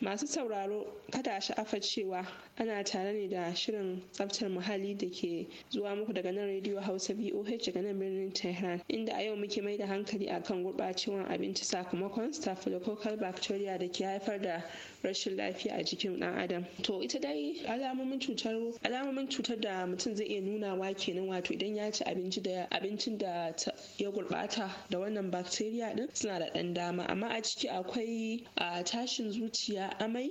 Masu sauraro kada a sha'afa cewa ana tare ne da shirin tsaftar muhalli da ke zuwa muku daga nan rediyo Hausa VOH daga nan birnin Tehran inda a yau muke mai da hankali akan gurɓacewan abinci sakamakon staphylococcal bacteria da ke haifar da rashin lafiya a jikin ɗan adam to ita dai alamomin cutar alamomin cutar da mutum zai iya nunawa kenan wato idan ya ci abinci da abincin da ya gurbata da wannan bacteria din suna da ɗan dama amma a ciki akwai tashin zuciya amai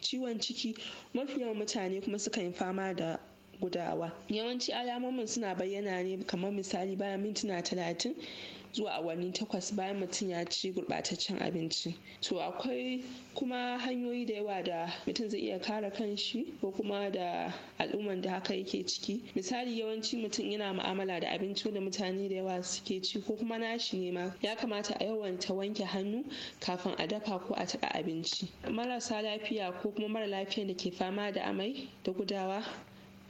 ciwon ciki mafi yawan mutane kuma suka yi fama da gudawa yawanci alamomin suna bayyana ne kamar misali bayan mintuna talatin zuwa awanni takwas bayan mutum ya ci gurɓataccen abinci to akwai kuma hanyoyi da yawa da mutum zai iya kare kanshi ko kuma da al'umman da haka yake ciki misali yawanci mutum yana mu'amala da abinci da mutane da yawa suke ci ko kuma nashi ne ma ya kamata a yawanta wanke hannu kafin a dafa ko a taɓa abinci marasa lafiya ko kuma mara lafiyan da ke fama da amai da gudawa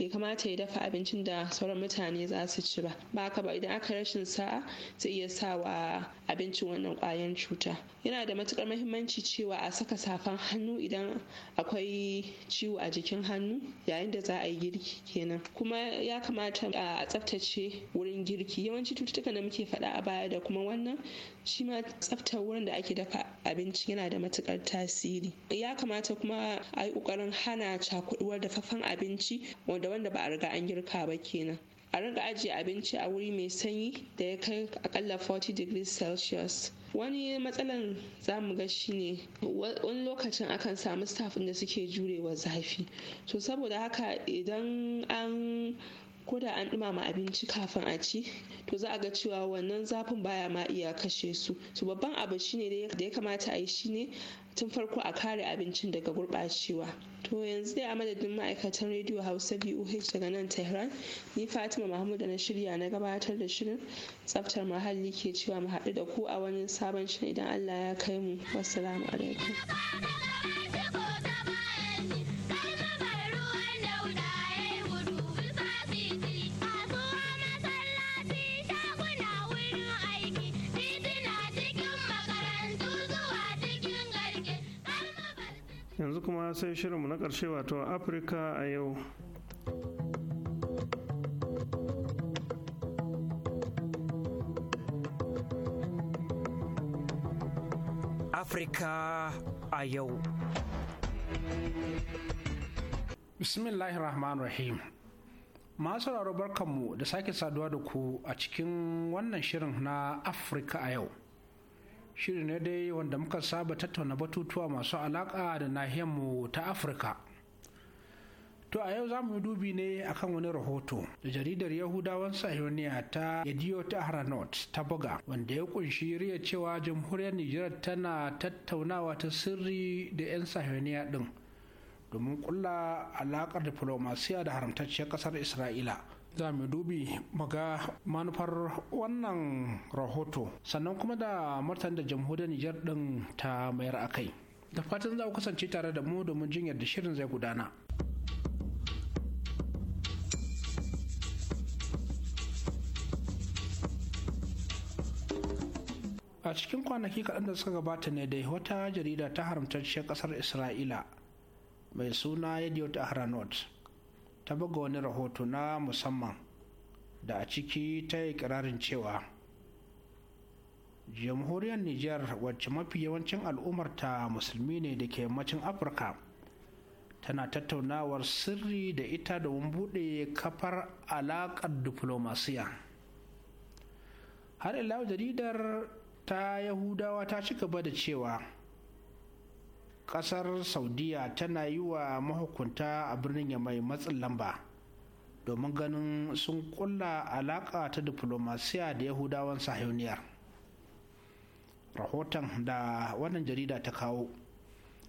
bai kamata ya dafa abincin da sauran mutane za su ci ba ba haka ba idan aka rashin sa'a zai iya sawa. abincin wannan kwayan cuta yana da matukar mahimmanci cewa a saka safan hannu idan akwai ciwo a jikin hannu yayin da za a yi girki kenan kuma ya kamata a tsaftace wurin girki yawanci cututtukan da muke faɗa a baya da kuma wannan shi ma tsaftar wurin da ake dafa abinci yana da matukar tasiri ya kamata kuma a yi kokarin hana cakuɗuwar dafaffen abinci wanda wanda ba a riga an girka ba kenan a riga ajiye abinci a wuri mai sanyi da ya kai akalla 40 degrees celsius wani matsalan zamu ga shine wani lokacin akan samu staffin da suke jurewa zafi to saboda haka idan an ko da an ɗumama abinci kafin a ci to za a ga cewa wannan zafin baya ma iya kashe su to babban abu shine da ya kamata a yi shine tun farko a kare abincin daga gurɓacewa to yanzu dai a madadin ma'aikatan rediyo hausa voh daga nan tehran ni fatima mahmud da na shirya na gabatar da shirin tsaftar muhalli ke cewa mu haɗu da ku a wani sabon shirin idan allah ya kai mu wassalamu alaikum kuma sai shirinmu na ƙarshe wato afirka a yau afirka a yau rahim masu rarrabar kanmu da sake saduwa da ku a cikin wannan shirin na afirka a yau shiri ne dai wanda muka saba tattauna batutuwa masu alaƙa da nahiyarmu ta afirka to a yau za mu dubi ne akan wani rahoto da jaridar yahudawan sahiyoniya ta yadiyo ta haranot ta buga wanda ya kunshi riya cewa jamhuriyar nijar tana tattaunawa ta sirri da 'yan sahiyoniya din domin kulla alaƙar diplomasiya da haramtacciyar ƙasar isra'ila za mu dubi maga manufar wannan rahoto sannan kuma da martan da jamhuriyar nijar din ta mayar akai da fatan za ku kasance tare da mu domin jin yadda shirin zai gudana a cikin kwanaki kaɗan da suka gabata ne dai wata jarida ta haramtacciyar ƙasar isra'ila mai suna yadda ta ta buga wani rahoto na musamman da a ciki ta yi kirarin cewa jamhuriyar niger wacce mafi yawancin al'ummarta musulmi ne da ke yammacin afirka tana tattaunawar sirri da ita domin buɗe kafar alaƙar diflomasiya har ila jaridar ta yahudawa ta ci gaba da cewa kasar saudiya tana yi wa mahukunta a birnin mai matsin lamba domin ganin sun kulla alaka ta diplomasiya da yahudawan sahiyoniyar rahoton da wannan jarida ta kawo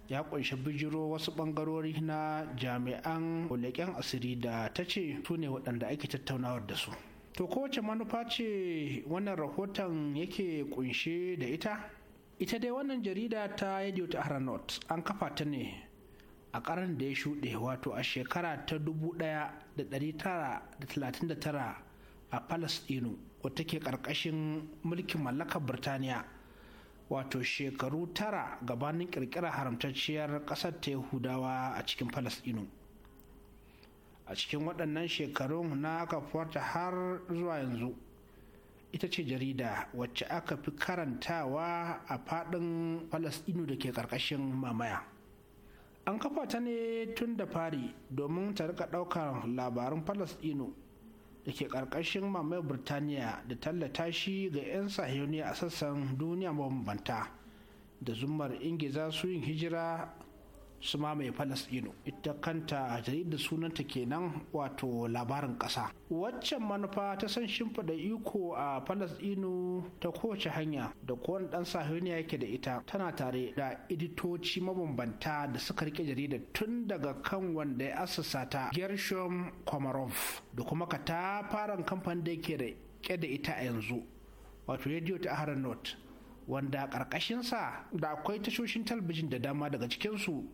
ya kunshi bijiro wasu bangarori na jami'an leƙen asiri da ta ce su ne waɗanda ake tattaunawar da su to kowace manufa ce wannan rahoton yake kunshe da ita ita dai wannan jarida ta Radio ta aranot an kafa ta ne a karan da ya shuɗe wato a shekara ta 1939 a palestino wata ke ƙarƙashin mulkin mallakar birtaniya wato shekaru tara gabanin ƙirƙirar haramtacciyar ƙasar ta yahudawa a cikin palestino a cikin waɗannan shekarun na kafuwarta har zuwa yanzu ita ce jarida wacce aka fi karantawa a faɗin falasɗinu da ke karkashin mamaya an kafa ta ne tun da fari domin ta rika ɗaukar labarin falasɗinu da ke karkashin mamaya birtaniya da tallata shi ga 'yan sahiyoni a sassan duniya mabambanta da zumar ingiza su yin hijira su ma mamaye falasɗinu ita kanta jaridar sunanta kenan wato labarin ƙasa waccan manufa ta san shimfiɗa iko a falasɗinu ta kowace hanya da kowane ɗan sahiyoniya yake da ita tana tare da editoci mabambanta da suka rike jaridar tun daga kan wanda ya assasa ta gershom komarov da kuma ka katafaren kamfanin da yake da ke da ita a yanzu wato rediyo ta ahara north wanda ƙarƙashinsa da akwai tashoshin talbijin da dama daga cikinsu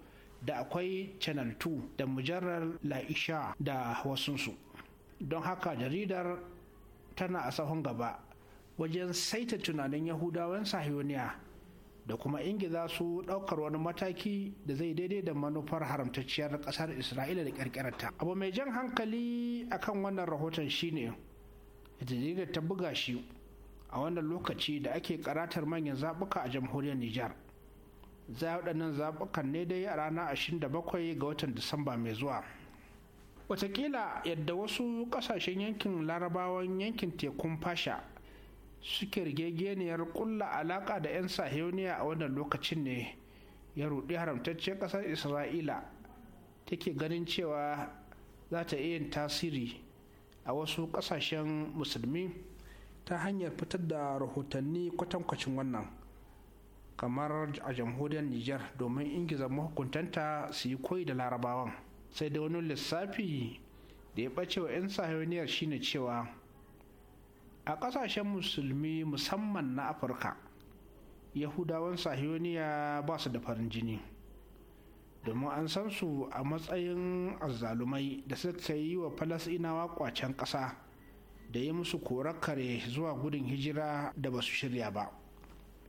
da akwai channel 2 da mujarrar la'isha da wasunsu don haka jaridar tana a sahun gaba wajen saita tunanin yahudawan sahiyoniya da kuma ingiza su daukar wani mataki da zai daidai da manufar haramtacciyar kasar isra'ila da ƙirƙirarta abu mai jan hankali akan wannan rahoton shine jaridar ta buga shi a wannan lokaci da ake karatar manyan zaɓuka a jamhuriyar nijar za waɗannan zaɓukan ne dai a rana 27 ga watan disamba mai zuwa watakila yadda wasu ƙasashen yankin larabawan yankin tekun fasha suke rigegeniyar ƙulla alaƙa da 'yan sahiyoniya a wannan lokacin ne ya ruɗi haramtaccen ƙasar isra'ila take ganin cewa za ta iya tasiri a wasu ƙasashen musulmi ta hanyar fitar da rahotanni kwatankwacin wannan kamar a jamhuriyar niger domin ingiza mahukuntanta su yi koyi da larabawan sai da wani lissafi da ya ɓace wa 'yan sahiyoniyar shine cewa a ƙasashen musulmi musamman na afirka yahudawan sahiyoniya ba su da farin jini domin an san su a matsayin azzalumai da suka yi wa falasinawa kwacen ƙasa da yi musu korar kare zuwa gudun hijira da ba su shirya ba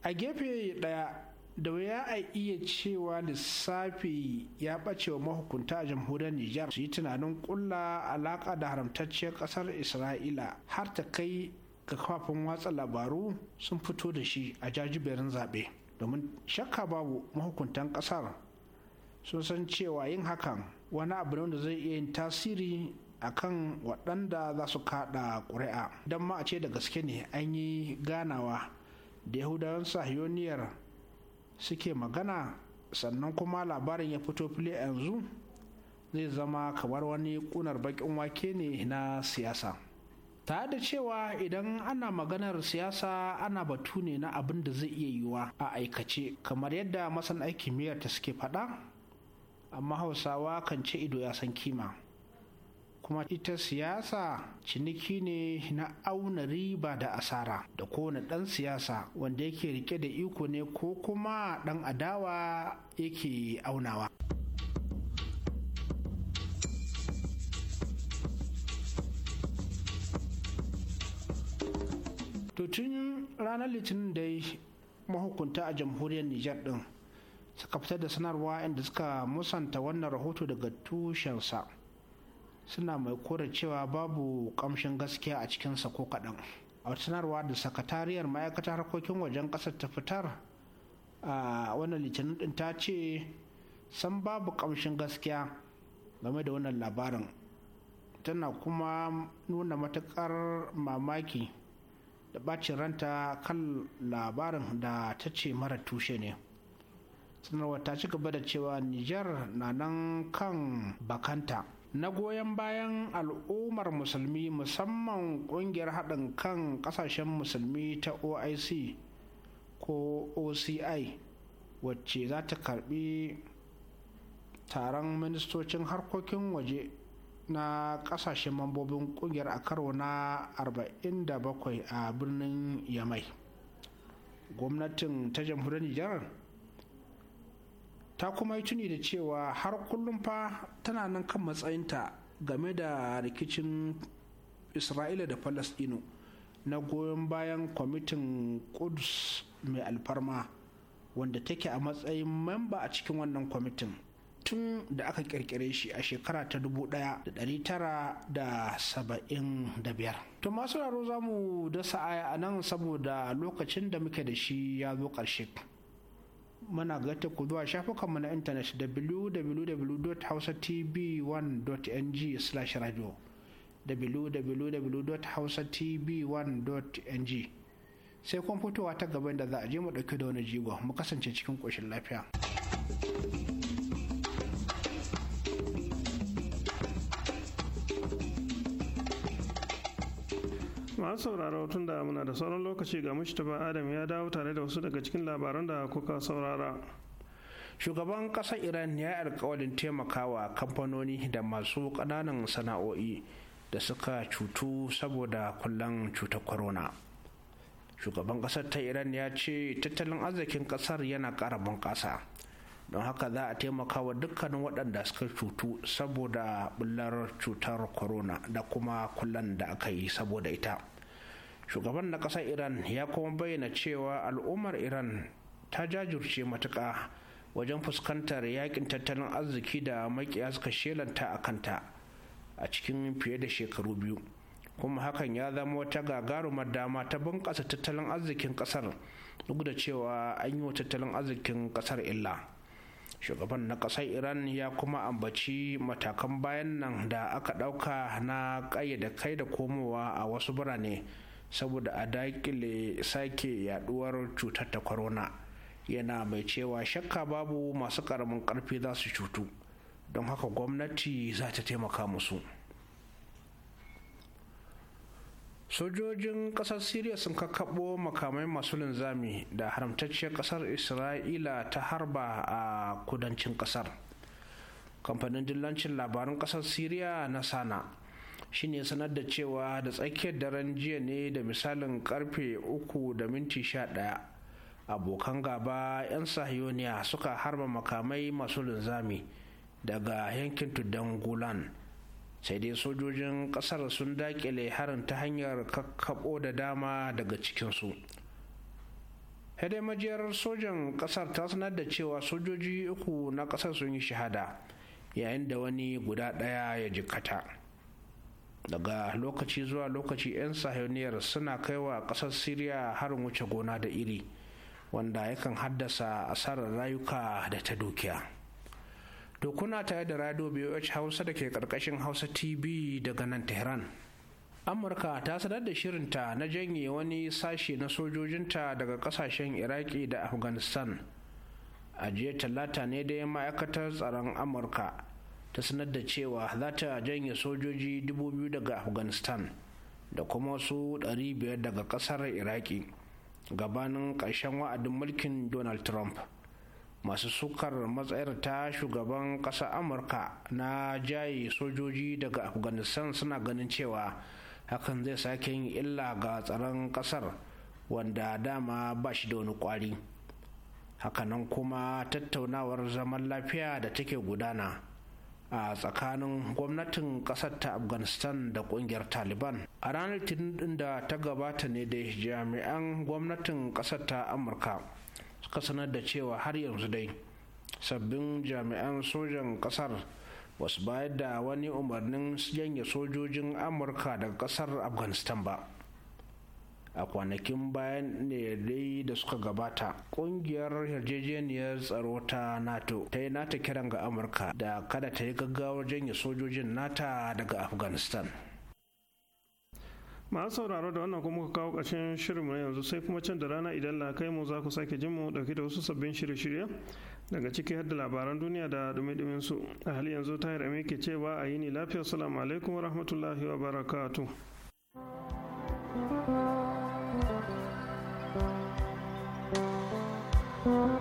a gefe ɗaya da waya a iya cewa lissafi ya ɓace wa mahukunta a jamhuriyar Nijar su yi tunanin ƙulla alaƙa da haramtacciyar ƙasar Isra'ila har ta kai ga kafafen watsa labaru sun fito da shi a jajiberin zaɓe. Domin shakka babu mahukuntan ƙasar sun san cewa yin hakan wani abu ne wanda zai iya yin tasiri a kan waɗanda za su kaɗa ƙuri'a don ma a ce da gaske ne an yi ganawa da yahudawan sahiyoniyar suke magana sannan kuma labarin ya fito fili yanzu zai zama kamar wani kunar bakin wake ne na siyasa Tare da cewa idan ana maganar siyasa ana batu ne na abin da zai iya yiwuwa a aikace kamar yadda masana kimiyyar ta suke faɗa amma hausawa kan ce ido ya san kima kuma ita siyasa ciniki ne na auna riba da asara da kowane ɗan siyasa wanda yake rike da iko ne ko kuma ɗan adawa yake aunawa to tun ranar litinin dai mahukunta a jamhuriyar nijar din suka fitar da sanarwa inda suka musanta wannan rahoto daga tushensa suna mai kora cewa babu kamshin gaskiya a cikinsa ko kaɗan a sanarwa da sakatariyar ma'aikatar harkokin wajen ƙasar ta fitar a wannan litinin ɗin ta ce san babu kamshin gaskiya game da wannan labarin tana kuma nuna matuƙar mamaki da ɓacin ranta kan labarin da ta ce mara tushe ne sanarwa ta ci gaba da cewa niger na nan kan bakanta na goyon bayan al'ummar musulmi musamman kungiyar haɗin kan ƙasashen musulmi ta oic ko oci wacce za ta karbi taron ministocin harkokin waje na ƙasashen mambobin kungiyar a karo na 47 a birnin yamai gwamnatin ta jamhuriyar nijar ta kuma yi tuni da cewa har kullum fa tana nan kan matsayinta game da rikicin isra'ila da falasdino na goyon bayan kwamitin kudus mai alfarma wanda take a matsayin memba a cikin wannan kwamitin tun da aka kirkire shi a shekara ta 1975 to masu raro za mu dasa aya a nan saboda lokacin da muke da shi ya zo ƙarshe muna ta ku zuwa shafukanmu na intanet www.hausatv1.ng slash radio www.hausatv1.ng sai kuma fitowa ta gaba da za a je mu ɗauki da wani jigo mu kasance cikin ƙoshin lafiya. masu sauraro tun da muna da sauran lokaci ga mushtaba adam ya dawo tare da wasu daga cikin labaran da kuka saurara shugaban ƙasar iran ya yi alkawalin taimakawa kamfanoni da masu ƙananan sana'o'i da suka cutu saboda kullan cutar corona shugaban ƙasar ta iran ya ce tattalin arzikin ƙasar yana ƙara bunƙasa don haka za a taimaka wa dukkanin waɗanda suka cutu saboda bullar cutar corona da kuma kullan da aka yi saboda ita shugaban na ƙasar iran ya kuma bayyana cewa al'ummar iran ta jajirce matuka wajen fuskantar yakin tattalin arziki da makiya suka shelanta a kanta a cikin fiye da shekaru biyu kuma hakan ya zama wata gagarumar dama ta bunƙasa tattalin arzikin ƙasar duk da cewa an yi wa tattalin arzikin ƙasar illa shugaban na ƙasar iran ya kuma ambaci matakan bayan nan da aka ɗauka na ƙayyada kai da komowa a wasu birane saboda a daƙile sake yaduwar cutar ta corona yana mai cewa shakka babu masu ƙaramin ƙarfi za su cutu don haka gwamnati za ta taimaka musu. sojojin ƙasar syria sun kakabo makamai masu linzami da haramtacciyar ƙasar isra'ila ta harba a kudancin ƙasar kamfanin dillancin labarin ƙasar syria na sana shine sanar da cewa da tsakiyar daren jiya ne da misalin karfe uku da minti ɗaya. abokan gaba 'yan sahiyoniya suka harba makamai masu linzami daga yankin tuddan gulan sai dai sojojin kasar sun dakile harin ta hanyar kakkabo da dama daga cikinsu dai majiyar sojan kasar ta sanar da cewa sojoji uku na kasar sun yi shahada yayin da wani guda ɗaya ya jikata daga lokaci zuwa lokaci 'yan sahiyoniyar suna kaiwa kasar syria harin wuce gona da iri wanda yakan haddasa asarar rayuka da ta dukiya. to kuna tare da radio BOH Hausa da ke karkashin Hausa TV daga nan Tehran. Amurka ta sanar da shirinta na janye wani sashe na sojojinta daga kasashen Iraki da Afghanistan. A jiya talata ne dai ma'aikatar tsaron Amurka ta sanar da cewa za ta janye sojoji 2,000 daga Afghanistan da kuma wasu 500 daga kasar Iraki gabanin ƙarshen wa'adin mulkin Donald Trump. masu sukar matsayar ta shugaban ƙasar amurka na jaye sojoji daga afghanistan suna ganin cewa hakan zai sake yin illa ga tsaron ƙasar wanda dama ba shi da wani ƙwari hakanan kuma tattaunawar zaman lafiya da take gudana a tsakanin gwamnatin ƙasar ta afghanistan da ƙungiyar taliban a ranar litinin da ta gabata ne da jami'an gwamnatin ƙasar ta amurka suka sanar da cewa har yanzu dai sabbin jami'an sojan kasar wasu bayar da wani umarnin janye sojojin amurka daga kasar afghanistan ba a kwanakin bayan ne dai da suka gabata kungiyar yarjejeniyar tsaro ta nato ta yi nata kiran ga amurka da kada ta yi gaggawar janye sojojin nata daga afghanistan masu sauraro da wannan kuma muka kawo ƙarshen shirinmu yanzu sai kuma can da rana idan la mu za ku sake jin mu dauki da wasu sabbin shirye-shirye daga ciki har da labaran duniya da dumi su a hali yanzu tahir amin ke cewa a yi ni lafiya salamu alaikum wa rahmatullahi wa barakatu. thank you